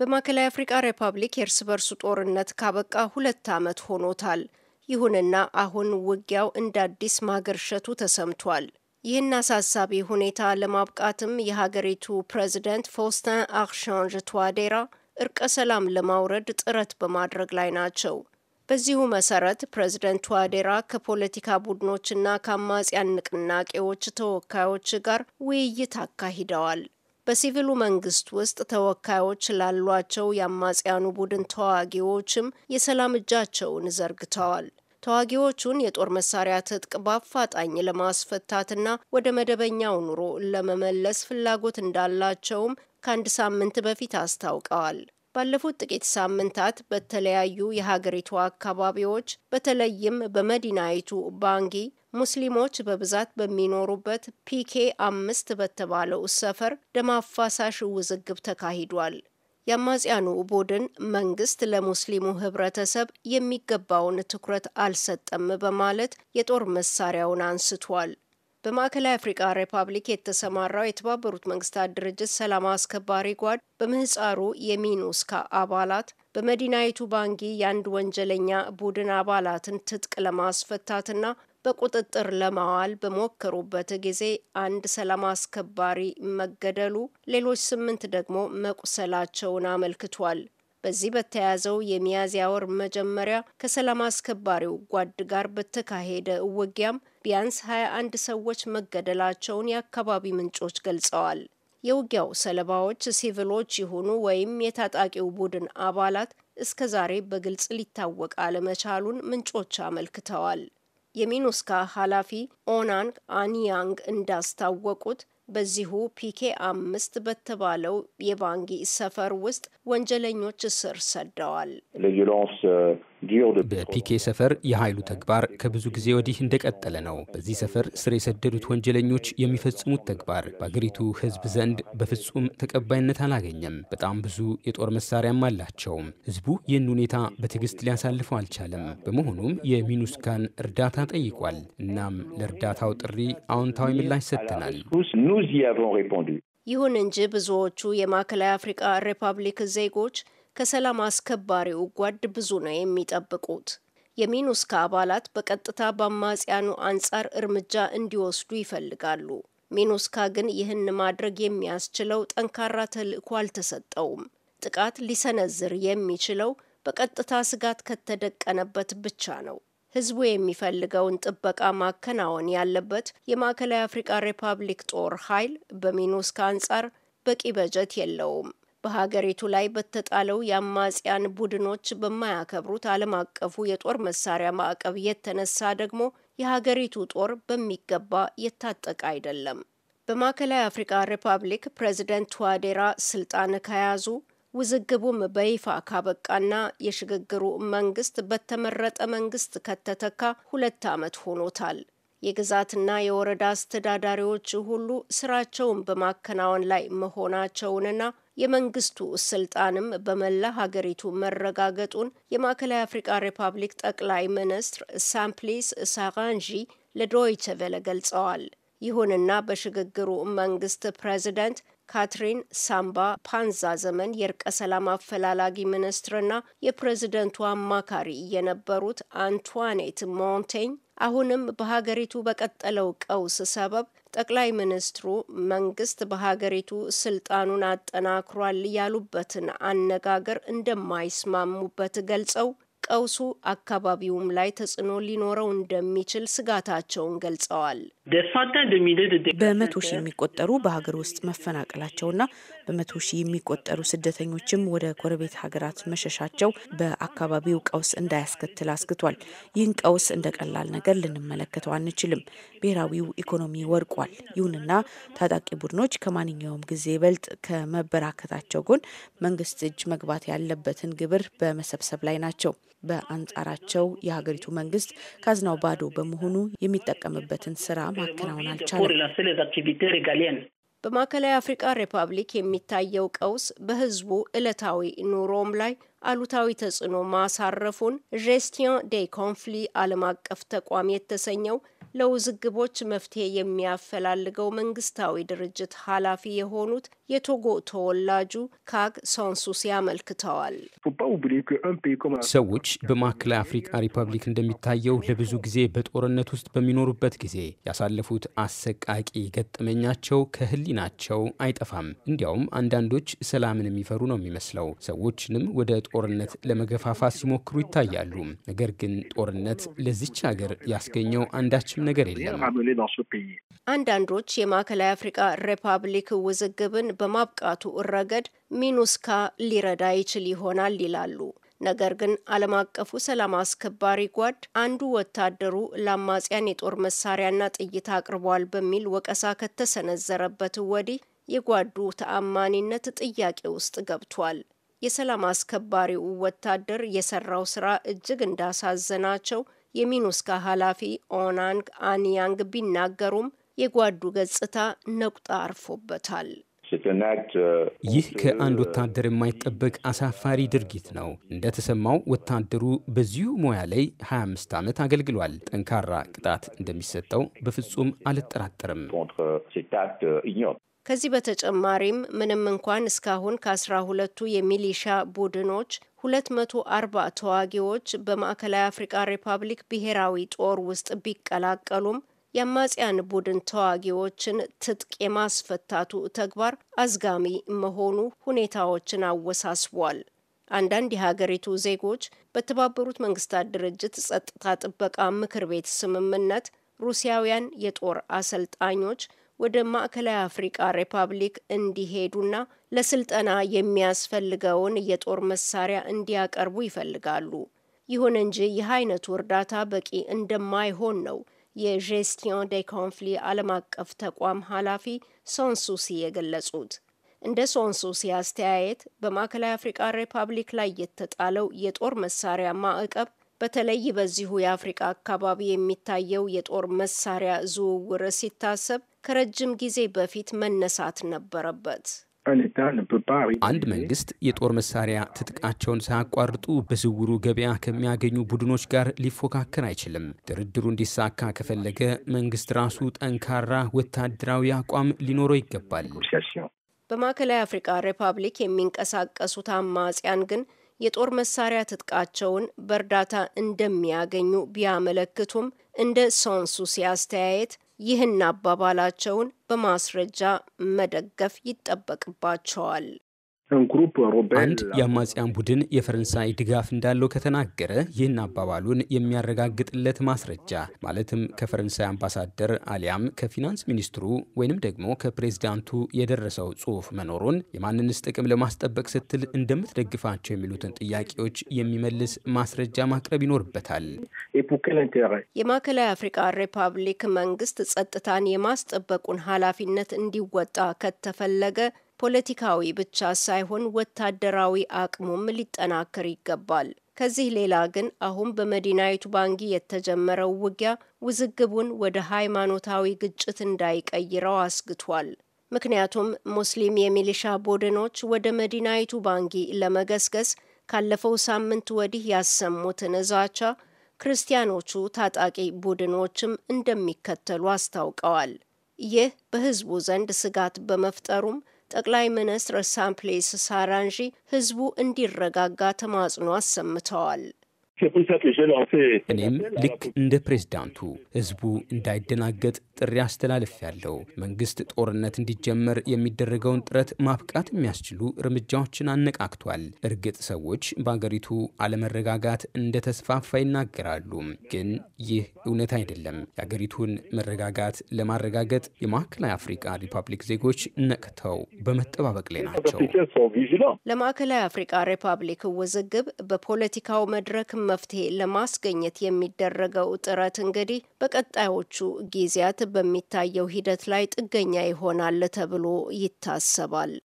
በማዕከላዊ አፍሪቃ ሪፐብሊክ የእርስ በርሱ ጦርነት ካበቃ ሁለት ዓመት ሆኖታል። ይሁንና አሁን ውጊያው እንደ አዲስ ማገርሸቱ ተሰምቷል። ይህን አሳሳቢ ሁኔታ ለማብቃትም የሀገሪቱ ፕሬዚደንት ፎስተን አርሻንጅ ቱዋዴራ እርቀ ሰላም ለማውረድ ጥረት በማድረግ ላይ ናቸው። በዚሁ መሰረት ፕሬዚደንት ቱዋዴራ ከፖለቲካ ቡድኖችና ከአማጽያን ንቅናቄዎች ተወካዮች ጋር ውይይት አካሂደዋል። በሲቪሉ መንግስት ውስጥ ተወካዮች ላሏቸው የአማጽያኑ ቡድን ተዋጊዎችም የሰላም እጃቸውን ዘርግተዋል። ተዋጊዎቹን የጦር መሳሪያ ትጥቅ በአፋጣኝ ለማስፈታትና ወደ መደበኛው ኑሮ ለመመለስ ፍላጎት እንዳላቸውም ከአንድ ሳምንት በፊት አስታውቀዋል። ባለፉት ጥቂት ሳምንታት በተለያዩ የሀገሪቱ አካባቢዎች በተለይም በመዲናይቱ ባንጊ ሙስሊሞች በብዛት በሚኖሩበት ፒኬ አምስት በተባለው ሰፈር ደም አፋሳሽ ውዝግብ ተካሂዷል። የአማጽያኑ ቡድን መንግስት ለሙስሊሙ ህብረተሰብ የሚገባውን ትኩረት አልሰጠም በማለት የጦር መሳሪያውን አንስቷል። በማዕከላዊ አፍሪካ ሪፐብሊክ የተሰማራው የተባበሩት መንግስታት ድርጅት ሰላም አስከባሪ ጓድ በምህፃሩ የሚኑስካ አባላት በመዲናይቱ ባንጊ የአንድ ወንጀለኛ ቡድን አባላትን ትጥቅ ለማስፈታትና በቁጥጥር ለማዋል በሞከሩበት ጊዜ አንድ ሰላም አስከባሪ መገደሉ፣ ሌሎች ስምንት ደግሞ መቁሰላቸውን አመልክቷል። በዚህ በተያዘው የሚያዝያ ወር መጀመሪያ ከሰላም አስከባሪው ጓድ ጋር በተካሄደ ውጊያም ቢያንስ 21 ሰዎች መገደላቸውን የአካባቢ ምንጮች ገልጸዋል። የውጊያው ሰለባዎች ሲቪሎች ይሁኑ ወይም የታጣቂው ቡድን አባላት እስከ ዛሬ በግልጽ ሊታወቅ አለመቻሉን ምንጮች አመልክተዋል። የሚኑስካ ኃላፊ ኦናንግ አንያንግ እንዳስታወቁት በዚሁ ፒኬ አምስት በተባለው የባንጊ ሰፈር ውስጥ ወንጀለኞች ስር ሰደዋል። በፒኬ ሰፈር የኃይሉ ተግባር ከብዙ ጊዜ ወዲህ እንደቀጠለ ነው። በዚህ ሰፈር ስር የሰደዱት ወንጀለኞች የሚፈጽሙት ተግባር በአገሪቱ ሕዝብ ዘንድ በፍጹም ተቀባይነት አላገኘም። በጣም ብዙ የጦር መሳሪያም አላቸው። ሕዝቡ ይህን ሁኔታ በትዕግስት ሊያሳልፈው አልቻለም። በመሆኑም የሚኑስካን እርዳታ ጠይቋል። እናም ለእርዳታው ጥሪ አዎንታዊ ምላሽ ሰጥተናል። ይሁን እንጂ ብዙዎቹ የማዕከላዊ አፍሪቃ ሪፐብሊክ ዜጎች ከሰላም አስከባሪው ጓድ ብዙ ነው የሚጠብቁት። የሚኑስካ አባላት በቀጥታ በአማጽያኑ አንጻር እርምጃ እንዲወስዱ ይፈልጋሉ። ሚኑስካ ግን ይህን ማድረግ የሚያስችለው ጠንካራ ተልዕኮ አልተሰጠውም። ጥቃት ሊሰነዝር የሚችለው በቀጥታ ስጋት ከተደቀነበት ብቻ ነው። ህዝቡ የሚፈልገውን ጥበቃ ማከናወን ያለበት የማዕከላዊ አፍሪካ ሪፐብሊክ ጦር ኃይል በሚኑስካ አንጻር በቂ በጀት የለውም። በሀገሪቱ ላይ በተጣለው የአማጽያን ቡድኖች በማያከብሩት ዓለም አቀፉ የጦር መሳሪያ ማዕቀብ የተነሳ ደግሞ የሀገሪቱ ጦር በሚገባ የታጠቀ አይደለም። በማዕከላዊ አፍሪካ ሪፐብሊክ ፕሬዚደንት ዋዴራ ስልጣን ከያዙ ውዝግቡም በይፋ ካበቃና የሽግግሩ መንግስት በተመረጠ መንግስት ከተተካ ሁለት ዓመት ሆኖታል። የግዛትና የወረዳ አስተዳዳሪዎች ሁሉ ስራቸውን በማከናወን ላይ መሆናቸውንና የመንግስቱ ስልጣንም በመላ ሀገሪቱ መረጋገጡን የማዕከላዊ አፍሪቃ ሪፐብሊክ ጠቅላይ ሚኒስትር ሳምፕሊስ ሳራንጂ ለዶይቸ ቬለ ገልጸዋል። ይሁንና በሽግግሩ መንግስት ፕሬዚደንት ካትሪን ሳምባ ፓንዛ ዘመን የእርቀ ሰላም አፈላላጊ ሚኒስትርና የፕሬዝደንቱ አማካሪ የነበሩት አንቷኔት ሞንቴኝ አሁንም በሀገሪቱ በቀጠለው ቀውስ ሰበብ ጠቅላይ ሚኒስትሩ መንግስት በሀገሪቱ ስልጣኑን አጠናክሯል ያሉበትን አነጋገር እንደማይስማሙበት ገልጸው ቀውሱ አካባቢውም ላይ ተጽዕኖ ሊኖረው እንደሚችል ስጋታቸውን ገልጸዋል። በመቶ ሺህ የሚቆጠሩ በሀገር ውስጥ መፈናቀላቸውና በመቶ ሺህ የሚቆጠሩ ስደተኞችም ወደ ጎረቤት ሀገራት መሸሻቸው በአካባቢው ቀውስ እንዳያስከትል አስግቷል። ይህን ቀውስ እንደ ቀላል ነገር ልንመለከተው አንችልም። ብሔራዊው ኢኮኖሚ ወድቋል። ይሁንና ታጣቂ ቡድኖች ከማንኛውም ጊዜ ይበልጥ ከመበራከታቸው ጎን መንግስት እጅ መግባት ያለበትን ግብር በመሰብሰብ ላይ ናቸው። በአንጻራቸው የሀገሪቱ መንግስት ካዝናው ባዶ በመሆኑ የሚጠቀምበትን ስራ በማዕከላዊ አፍሪቃ ሪፐብሊክ የሚታየው ቀውስ በህዝቡ ዕለታዊ ኑሮም ላይ አሉታዊ ተጽዕኖ ማሳረፉን ሬስቲያን ዴ ኮንፍሊ ዓለም አቀፍ ተቋም የተሰኘው ለውዝግቦች መፍትሄ የሚያፈላልገው መንግስታዊ ድርጅት ኃላፊ የሆኑት የቶጎ ተወላጁ ካግ ሳንሱስ ያመልክተዋል። ሰዎች በማዕከላዊ አፍሪካ ሪፐብሊክ እንደሚታየው ለብዙ ጊዜ በጦርነት ውስጥ በሚኖሩበት ጊዜ ያሳለፉት አሰቃቂ ገጠመኛቸው ከህሊናቸው አይጠፋም። እንዲያውም አንዳንዶች ሰላምን የሚፈሩ ነው የሚመስለው። ሰዎችንም ወደ ጦርነት ለመገፋፋት ሲሞክሩ ይታያሉ። ነገር ግን ጦርነት ለዚች ሀገር ያስገኘው አንዳችም ነገር የለም። አንዳንዶች የማዕከላዊ አፍሪካ ሪፐብሊክ ውዝግብን በማብቃቱ ረገድ ሚኑስካ ሊረዳ ይችል ይሆናል ይላሉ። ነገር ግን ዓለም አቀፉ ሰላም አስከባሪ ጓድ አንዱ ወታደሩ ለአማጽያን የጦር መሳሪያና ጥይት አቅርቧል በሚል ወቀሳ ከተሰነዘረበት ወዲህ የጓዱ ተአማኒነት ጥያቄ ውስጥ ገብቷል። የሰላም አስከባሪው ወታደር የሰራው ስራ እጅግ እንዳሳዘናቸው የሚኑስካ ኃላፊ ኦናንግ አንያንግ ቢናገሩም የጓዱ ገጽታ ነቁጣ አርፎበታል። Euh, ይህ ከአንድ euh, ወታደር የማይጠበቅ አሳፋሪ ድርጊት ነው። እንደተሰማው ወታደሩ በዚሁ ሙያ ላይ 25 ዓመት አገልግሏል። ጠንካራ ቅጣት እንደሚሰጠው በፍጹም አልጠራጠርም። euh, ከዚህ በተጨማሪም ምንም እንኳን እስካሁን ከአስራ ሁለቱ የሚሊሻ ቡድኖች 240 ተዋጊዎች በማዕከላዊ አፍሪካ ሪፐብሊክ ብሔራዊ ጦር ውስጥ ቢቀላቀሉም የአማጽያን ቡድን ተዋጊዎችን ትጥቅ የማስፈታቱ ተግባር አዝጋሚ መሆኑ ሁኔታዎችን አወሳስቧል። አንዳንድ የሀገሪቱ ዜጎች በተባበሩት መንግስታት ድርጅት ጸጥታ ጥበቃ ምክር ቤት ስምምነት ሩሲያውያን የጦር አሰልጣኞች ወደ ማዕከላዊ አፍሪቃ ሪፐብሊክ እንዲሄዱና ለስልጠና የሚያስፈልገውን የጦር መሳሪያ እንዲያቀርቡ ይፈልጋሉ። ይሁን እንጂ ይህ አይነቱ እርዳታ በቂ እንደማይሆን ነው የዤስቲዮን ዴ ኮንፍሊ ዓለም አቀፍ ተቋም ኃላፊ ሶንሱሲ የገለጹት። እንደ ሶንሱሲ አስተያየት በማዕከላዊ አፍሪቃ ሪፐብሊክ ላይ የተጣለው የጦር መሳሪያ ማዕቀብ በተለይ በዚሁ የአፍሪቃ አካባቢ የሚታየው የጦር መሳሪያ ዝውውር ሲታሰብ ከረጅም ጊዜ በፊት መነሳት ነበረበት። አንድ መንግስት የጦር መሳሪያ ትጥቃቸውን ሳያቋርጡ በዝውሩ ገበያ ከሚያገኙ ቡድኖች ጋር ሊፎካከር አይችልም። ድርድሩ እንዲሳካ ከፈለገ መንግስት ራሱ ጠንካራ ወታደራዊ አቋም ሊኖረው ይገባል። በማዕከላዊ አፍሪካ ሪፐብሊክ የሚንቀሳቀሱት አማጽያን ግን የጦር መሳሪያ ትጥቃቸውን በእርዳታ እንደሚያገኙ ቢያመለክቱም እንደ ሰንሱ አስተያየት ይህን አባባላቸውን በማስረጃ መደገፍ ይጠበቅባቸዋል። አንድ የአማጽያን ቡድን የፈረንሳይ ድጋፍ እንዳለው ከተናገረ ይህን አባባሉን የሚያረጋግጥለት ማስረጃ ማለትም ከፈረንሳይ አምባሳደር አሊያም ከፊናንስ ሚኒስትሩ ወይንም ደግሞ ከፕሬዚዳንቱ የደረሰው ጽሑፍ መኖሩን የማንንስ ጥቅም ለማስጠበቅ ስትል እንደምትደግፋቸው የሚሉትን ጥያቄዎች የሚመልስ ማስረጃ ማቅረብ ይኖርበታል። የማዕከላዊ አፍሪካ ሪፐብሊክ መንግስት ጸጥታን የማስጠበቁን ኃላፊነት እንዲወጣ ከተፈለገ ፖለቲካዊ ብቻ ሳይሆን ወታደራዊ አቅሙም ሊጠናከር ይገባል። ከዚህ ሌላ ግን አሁን በመዲናይቱ ባንጊ የተጀመረው ውጊያ ውዝግቡን ወደ ሃይማኖታዊ ግጭት እንዳይቀይረው አስግቷል። ምክንያቱም ሙስሊም የሚሊሻ ቡድኖች ወደ መዲናይቱ ባንጊ ለመገስገስ ካለፈው ሳምንት ወዲህ ያሰሙትን ዛቻ ክርስቲያኖቹ ታጣቂ ቡድኖችም እንደሚከተሉ አስታውቀዋል። ይህ በህዝቡ ዘንድ ስጋት በመፍጠሩም ጠቅላይ ሚኒስትር ሳምፕሌስ ሳራንዢ ህዝቡ እንዲረጋጋ ተማጽኖ አሰምተዋል። እኔም ልክ እንደ ፕሬዝዳንቱ ህዝቡ እንዳይደናገጥ ጥሪ አስተላልፍ ያለው መንግስት ጦርነት እንዲጀመር የሚደረገውን ጥረት ማብቃት የሚያስችሉ እርምጃዎችን አነቃቅቷል። እርግጥ ሰዎች በአገሪቱ አለመረጋጋት እንደተስፋፋ ይናገራሉ። ግን ይህ እውነት አይደለም። የአገሪቱን መረጋጋት ለማረጋገጥ የማዕከላዊ አፍሪካ ሪፐብሊክ ዜጎች ነቅተው በመጠባበቅ ላይ ናቸው። ለማዕከላዊ አፍሪካ ሪፐብሊክ ውዝግብ በፖለቲካው መድረክ መፍትሄ ለማስገኘት የሚደረገው ጥረት እንግዲህ በቀጣዮቹ ጊዜያት በሚታየው ሂደት ላይ ጥገኛ ይሆናል ተብሎ ይታሰባል።